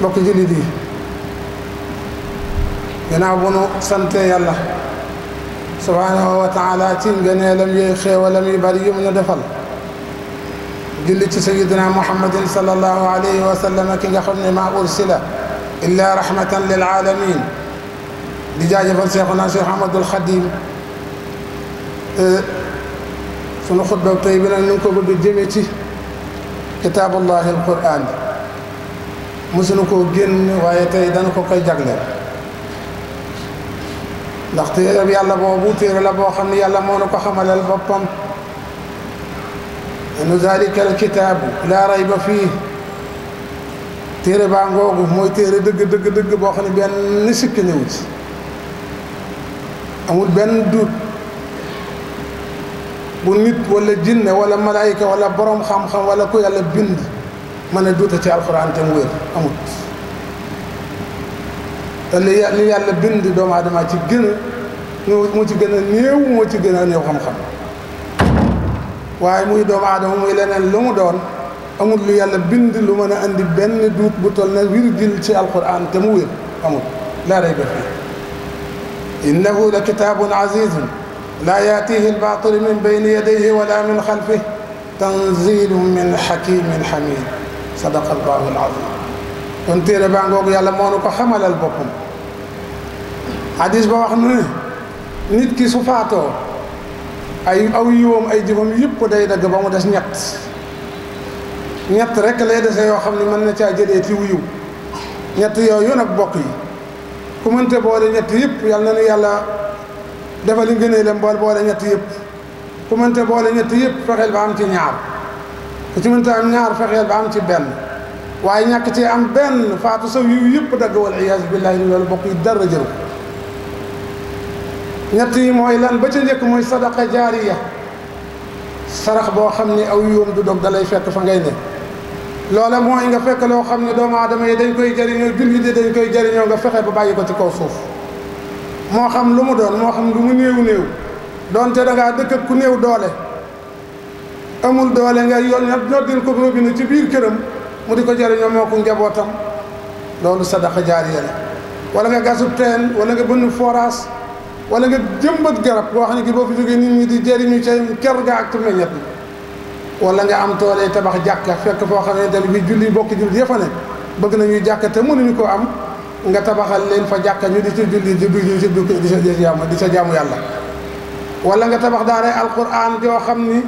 mbokk jullit yi gannaaw bu nu sante yàlla subhaanahu wa taala ci ngëneelam yooyu xéewalam yu bari yu mu nu defal julli ci sayidina muhammadin sallallahu alayhi wa sallam ki nga xam ne maa ursila illa rahmatan lil alamin di jaajëfal seexuna cheikh ahmadul xadim sunu xutba tey bi nag ñu ngi ko bëgg jëme ci kitaabullahi alquran mësuñu ko génn waaye tey dana ko koy jagle ndax téereb yàlla boobu téere la boo xam ne yàlla moo na ko xamalal boppam nu zalika al kitaabu laa rayba fii téere baa ngoogu mooy téere dëgg dëgg dëgg boo xam ne benn sikki ñëwu ci amul benn duut bu nit wala jinne wala malaayika wala borom xam-xam wala ku yàlla bind ma ne duuta ci alxuraan te mu wér amut te li li yàlla bind doomu aadama ci gën a moo ci gën a néew moo ci gën a néew xam-xam waaye muy doomu aadama muy leneen lu mu doon amut lu yàlla bind lu mën a andi benn duut bu toll na wirgil ci alxuraan te mu wér amut laa rayba fii innahu la kitaabun azizun laa yaatihi albaatilu min bayni yadayhi wala min xalfihi tanziilun min hakiimin hamiid sadaqallaahu al-aziim kon téere baa ngoogu yàlla moo nu ko xamalal boppam hadis ba wax nu nit ki su faatoo ay aw yiwam ay jëfam yëpp day dagg ba mu des ñett ñett rekk lay dese yoo xam ne mën na caa jëlee ci wuyu ñett yooyu nag bokk yi ku mënte boole ñett yëpp yàlla na nu yàlla defal li ngëneel boole ñett yëpp ku mënte boole ñett yëpp fexeel ba am ci ñaar ku ci mënta am ñaar fexeel ba am ci benn waaye ñàkk ci am benn faatu saw yu yëpp dagg wal iyaasu billaahi loolu bokk yi dara jël ñett yi mooy lan ba ca njëkk mooy sadaqa jaariya sarax boo xam ni aw yoom du dog dalay fekk fa ngay ne loola mooy nga fekk loo xam ne doomu aadama yi dañ koy jëriñoo jullit yi dañ koy jëriñoo nga fexe ba bàyyi ko ci kaw suuf moo xam lu mu doon moo xam lu mu néew néew doonte da ngaa dëkk ku néew doole amul doole nga yoon noddil ko robinet ci biir këram mu di ko jëriñoo moo ko njabootam loolu sadaqa jaariya la wala nga gasub teen wala nga bënn forage wala nga jëmbat garab loo xam ne ki boo fi jógee di jëriñu ca ker ga ak meññet wala nga am toolee tabax jàkka fekk foo xamante ne bi julli bokk julli yëpp ne bëgg nañuy jàkka te mënuñu ko am nga tabaxal leen fa jàkka ñu di ci julli di di ci di sa jaamu di sa jaamu yàlla wala nga tabax daaray alquran joo xam ni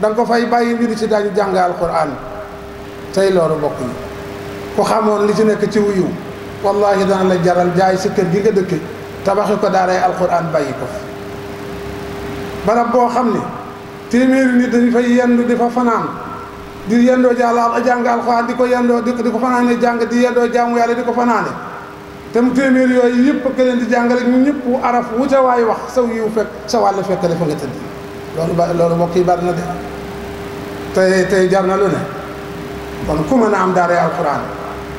da nga ko fay bàyyi mbir ci daañu jàng alquran tey loolu bokk yi ku xamoon li ci nekk ci wuyu wallahi dana la jaral jaay si kër gi nga dëkk tabaxi ko daaray alquran bàyyi ko fi barab boo xam ne téeméeri nit dañu fay yendu di fa fanaan di yendoo jàlla jàng alquran di ko yendoo di ko fanaane jàng di yendoo jaamu yàlla di ko fanaane te mu téeméeri yooyu yëpp ke leen di jàng rek ñu ñëpp araf wu ca wax saw yiw fekk sa wàll fekk la fa nga tëdd loolu ba loolu mbokk yi bari na de tey tey jar na lu ne kon ku mën a am daaray alxuraan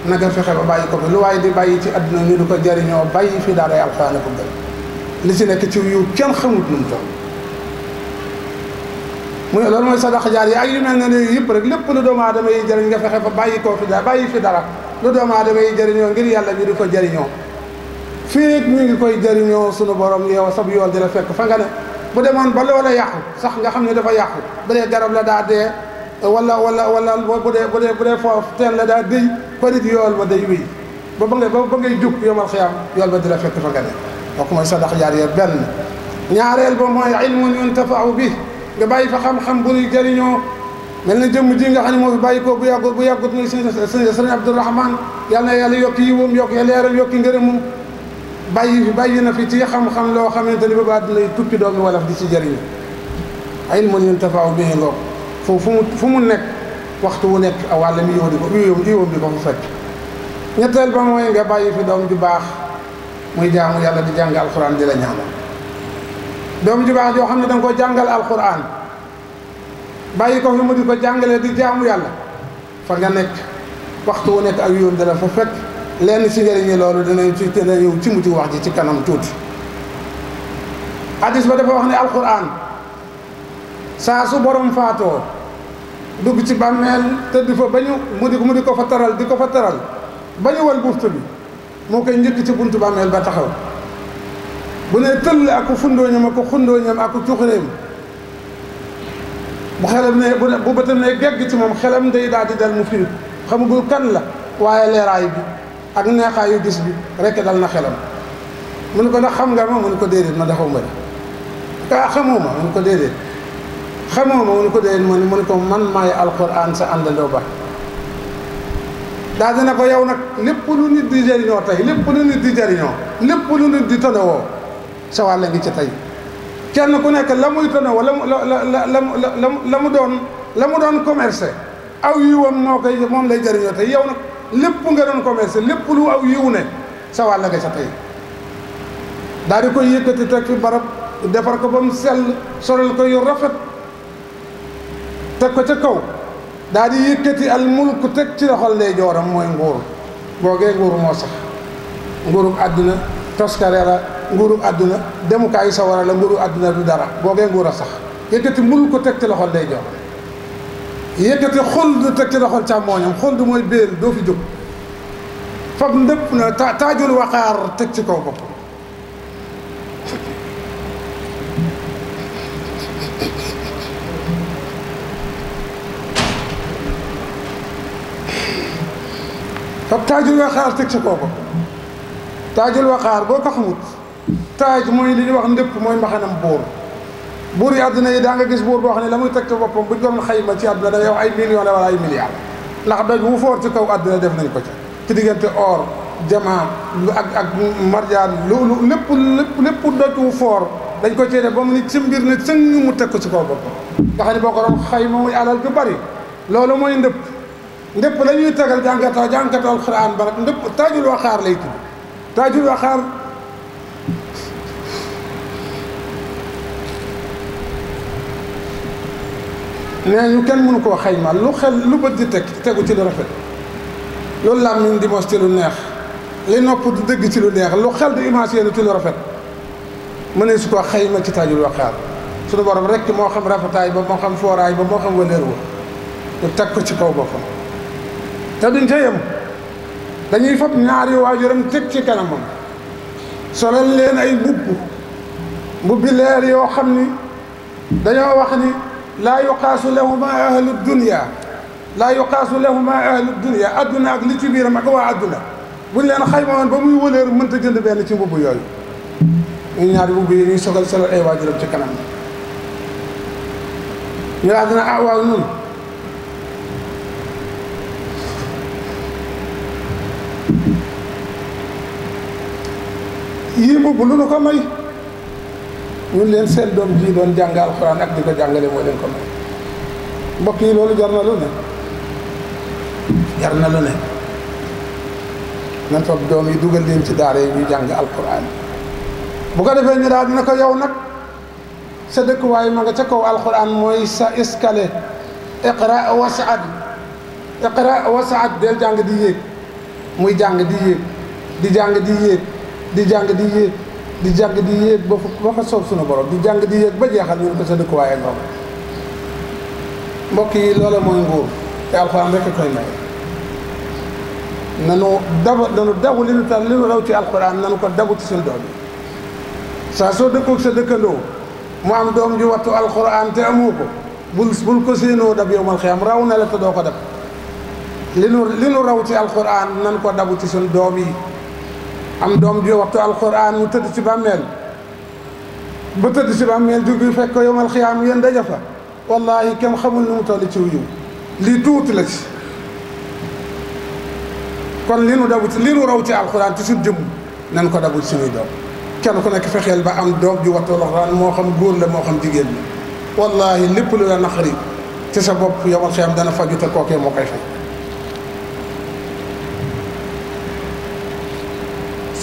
na nga fexe ba bàyyi lu waaye di bàyyi ci àdduna ñu jariñoo bàyyi fi daaray alxuraan li ci nekk ci yu kenn xamut nu mu toll mu ne loolu mooy sadax jaar yi ak yu mel ne yi nga fexe ba bàyyi koo fi dara bàyyi dara lu doomu aadama yi jëriñoo ngir yàlla ñu di ko jëriñoo fii ñu ngi koy jëriñoo sunu borom yow sab yool di la fekk fa nga ne bu demoon ba loola yàqu sax nga xam ne dafa yàqu bu dee garab la daa de wala wala wala bu dee bu de bu dee foofu teen la daa dëy parit yool ba day wéy ba ba ngay ba ngay jub yomal xiyaam yool ba di la fekk fa nga ne kooku mooy sadax jaariya benn ñaareel ba mooy ilmun yuntafau bi nga bàyyi fa xam-xam bu ñuy jëriñoo mel na jëmm ji nga xam ne moo fi bàyyi ko bu yàggut bu yàggut muy sëñ sëñ Abdourahman yàlla na yàlla yokki yiwam yokki leeram yokki ngërëmum bàyyi bàyyi na fi ci xam-xam loo xamante ni ba dinay tukki doomi wolof di ci jëriñu ilmun yuntafa'u bihi ngoog foofu mu fu mu nekk waxtu wu nekk a wàll yow di ko iwam di ko fa fekk ñetteel ba bàyyi fi doom ju baax muy jaamu yàlla di jàng alxuraan di la ñaanal doom ju baax joo xam ne danga ko jàngal alxuraan bàyyi ko fi mu di ko jàngalee di jaamu yàlla fa nga nekk waxtu wu nekk ak yoon dala fa fekk lenn ci njëriñu loolu dinañ ci dina ñëw ci mu ci wax ji ci kanam tuuti hadis ba dafa wax ne alquran saa su borom faatoo dugg ci bàmmeel tëdd fa ba ñu mu di di ko fa taral di ko fa taral ba ñu wal buftu bi moo koy njëkk ci bunt bàmmeel ba taxaw bu ne tëll ak ku fundooñam ak ku xundooñam ak ku cuxureem bu xelam ne bu bu bëtam ne gegg ci moom xelam day daa di dal mu firi xamagul kan la waaye leeraay bi ak neexaayu gis bi rek dal na xelam mu ne ko ndax xam nga ma mu ne ko déedéet ma dafa mbëri ah xamoo ma mu ne ko déedéet xamoo ma mu ne ko déedéet mu ne mu ne ko man maay alquran sa àndandoo ba daal dina ko yow nag lépp lu nit di jëriñoo tey lépp lu nit di jëriñoo lépp lu nit di tonewoo sa wàll ngi ci tey kenn ku nekk la muy tonewoo la mu la la la mu doon la mu doon commercé aw yiwam moo koy moom lay jëriñoo tey yow nag lépp nga doon commerce lépp lu aw yiw ne sa wàll nga ca tey daal koy yëkkati teg fi barab defar ko ba mu sell sorel ko yu rafet teg ko ca kaw daal di yëkkati al mulk teg ci loxol ndey jooram mooy nguur googee nguur moo sax nguurug àdduna toskare la nguurug àdduna demukaayu sawara la nguurug àdduna du dara googee nguur a sax yëkkati ko teg ci loxol ndey jooram yëkkati xuld teg ci loxol càmmooñam xuld mooy béel doo fi jóg fab ndëpp na taajul waqaar teg ci kaw bopp fab taajul waqaar teg ci kaw bopp taajul waqaar boo ko xamut taaj mooy li ñuy wax ndëpp mooy mbaxanam buur buur yi àdduna yi daa nga gis buur boo xam ne la muy teg te boppam bu ñu ko doon xayma ci àdduna da yow ay millions la wala ay milliards ndax doj wu foor ci kaw àdduna def nañ ko ci ci diggante or jamaa lu ak ak marjaan lu lu lépp lépp lépp doj wu foor dañ ko cee def ba mu ni ci mbir ne sëñ mu teg ko ci kaw boppam nga xam ne boo ko doon xayma muy alal ju bari loolu mooy ndëpp ndëpp la ñuy tegal jànkata jànkata alxuraan ba nag ndëpp taajul waxaar lay tudd taajul waxaar nee ñu kenn mënu koo xayma lu xel lu bët di teg tegu ci lu rafet loolu làmmiñ di mos ci lu neex li nopp di dëgg ci lu neex lu xel di imaginer ci lu rafet mën ne su ko xayma ci tajul waxaar suñu borom rekk moo xam rafetaay ba moo xam fooraay ba moo xam wëleer wa ñu teg ko ci kaw boppam te duñ ca dañuy fab ñaari waajuram teg ci kanamam solal leen ay mbubb mbubbi leer yoo xam ni dañoo wax ni laa yuqaasu lahuma ahlu dunia laa yuqaasu lahuma ahlu dunia adduna ak li ci biiram ak waa adduna bu ñu leen xayma woon ba muy wëleer mënta jënd benn ci mbubb yooyu ñu ñaari mbubb yi ñuy sogal solal ay waajuram ci kanam ñu laa dina ah nun yii mbubb lu nu ñun leen seen doom ji doon jàng alxuraan ak di ko jàngale moo leen ko may mbokk yi loolu jar na lu ne jar na lu ne nan fab doom yi dugal leen ci daara muy ñu jàng alxuraan bu ko defee ñu daal dina ko yow nag sa dëkkuwaay ma nga ca kaw alxuraan mooy sa iskale iqra wasaad iqra wasaad del jàng di yéeg muy jàng di yéeg di jàng di yéeg di jàng di yéeg ba fa ba fa soob suñu borom di jàng di yéeg ba jeexal ñu ne ko sa dëkkuwaay ngoom mbokk yi loola mooy nguur te alxuraan rek koy may nanu daba nanu nu tax li nu raw ci alxuraan nanu ko dabu ci suñu doom yi dëkkandoo mu doom ju wattu alxuraan te amoo ko bul bul ko séenoo dab yow mal xiyam raw na la te doo ko dab li nu li raw ci alxuraan nan ko dabu ci suñu doom yi am doom ji waxtu alquran mu tëdd ci bàmmeel ba tëdd ci bàmmeel jugi fekk ko yowmal xiyaam yéen daje fa wallahi kenn xamul nu mu toll ci wuyu lii tuuti la kon li nu dabu li nu raw ci alquran ci suñ jëmm nan ko dabul suñuy doom kenn ku nekk fexeel ba am doom ju waxtu alquran moo xam góor la moo xam jigéen la wallahi lépp lu la naqari ci sa bopp yowmal xiyaam dana faju te kookee moo koy fay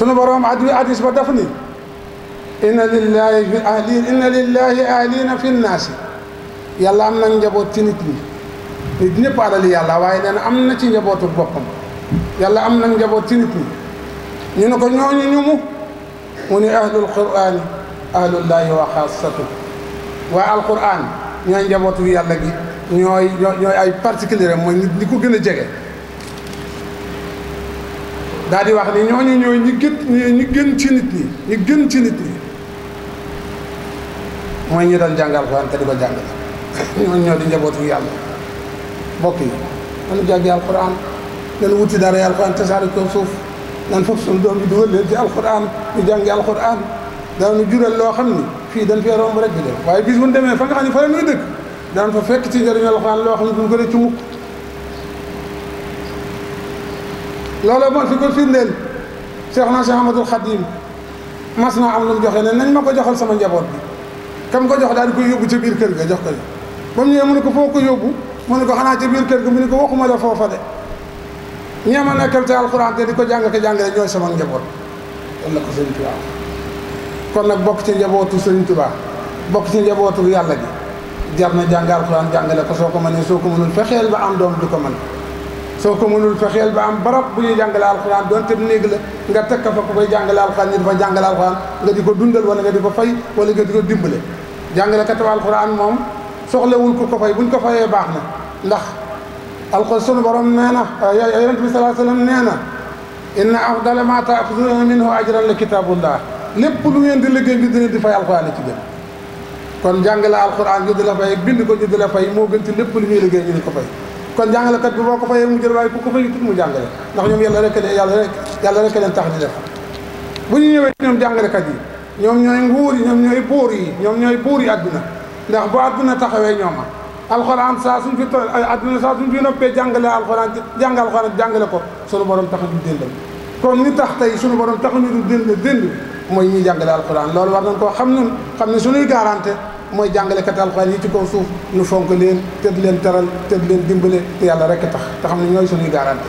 sunu borom addi addis ba daf ni inna lillahi fi ahli inna lillahi ahlina fi nnaasi yàlla am na njaboot ci nit ñi nit ñëpp alali waaye nee na am na ci njabootu boppam yàlla am na njaboot ci nit ñi ñu ne ko ñooñu ñu mu mu ni ahlul qur'ani ahlullahi wa xaasatu waaye alquran ñooy njabootu yàlla gi ñooy ñooy ay particulier mooy nit ñi ko gën a jege daal di wax ni ñooñu ñooy ñi gën ñi gën ci nit ñi ñi gën ci nit ñi mooy ñi doon jàngal alxuraan te di ko jàngal ñooñu ñoo di njabootu yàlla mbokk yi nañu jàngi alxuraan nañu wuti dara yi alxuraan tasaare ko suuf nan foofu suñu doom bi dugal leen ci alxuraan ñu jàngi alxuraan daanu jural loo xam ni fii dañ fee romb rek di dem waaye bis bu demee fa nga xam ne fa la ñuy dëkk daan fa fekk ci njëriñu alxuraan loo xam ne duñ ko rëcc mukk loolu mooy su ko firndeel Cheikh na Cheikh Ahmadul Khadim mas naa am lu mu joxe ne nañ ma ko joxal sama njaboot bi kam ko jox daal di koy yóbbu biir kër ga jox ko mu ñëwee ko foo ko yóbbu ne ko xanaa ca biir kër ga mu ne ko waxuma la foofa de ñeema nekkal te alxuraan di ko jàng ka sama njaboot loolu la ko sëñ nag bokk ci njabootu sëñ Tuubaa bokk ci njabootu yàlla gi jar na jàng alxuraan jàngale ko soo ko mënee soo ko mënul ba am doom du ko man soo ko mënul fexeel ba am barab bu ñuy jàngale alxuraan donte néeg la nga teg ko fa ku koy jàngale alxuraan ñu di fa jàngale alxuraan nga di ko dundal wala nga di ko fay wala nga di ko dimbale jàngale kataba alxuraan moom soxlawul ku ko fay buñ ko fayee baax na ndax alxuraan sunu borom nee na yonent bi salaa sallam nee na inna afdala ma taaxuduuna minhu ajran la kitabullah lépp lu ngeen di liggéey bi dina di fay alxuraan la ci gën kon jàngale alxuraan ñu di la fay bind ko ñu di la fay moo gën ci lépp lu ñuy liggéey ñu di ko fay kon jàngalekat bi boo ko fayee mu jël waaye ku ko fay tut mu jàngale ndax ñoom yàlla rek leen yàlla rek yàlla rek leen tax di def bu ñu ñëwee ñoom jàngalekat yi ñoom ñooy nguur yi ñoom ñooy buur yi ñoom ñooy buur yi àdduna ndax bu àdduna taxawee ñooma alxuraan saa suñ fi toll àdduna saa suñ bi noppee jàngale alxuraan jàng alxuraan jàngale ko sunu borom tax ñu dëndal kon ñu tax tey sunu borom tax ñu du dënd dënd mooy ñuy jàngale alxuraan loolu war nañ koo xam ñun xam ne suñuy garanté mooy jàngalekat alxuraan yi ci kaw suuf nu fonk leen tëdd leen teral tëdd leen dimbale te yàlla rek tax te xam ne ñooy suñuy garanti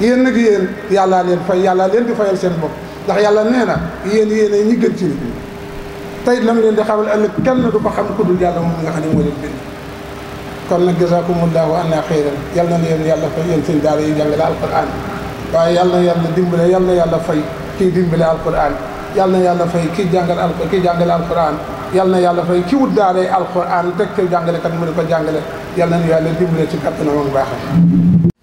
yéen nag yéen yàlla leen fay yàllaa leen di fayal seen bopp ndax yàlla nee na yéen yéen a ñi ci nit ñi tey lam leen di xamal ëllëg kenn du ko xam ku dul yàlla moom nga xam ne moo leen bind kon nag jazakumullahu anna xayran na leen yàlla fay yéen seen daara yi jàngale alquran waaye yal na yàlla dimbale yal na yàlla fay kii dimbale alquran yal na yàlla fay kii jàngal al kii yal na yàlla fay ki wut daaree alquran teg ci jàngalekat mu di ko jàngale yal na ñu yàlla dimbale ci kàttanam ak baaxam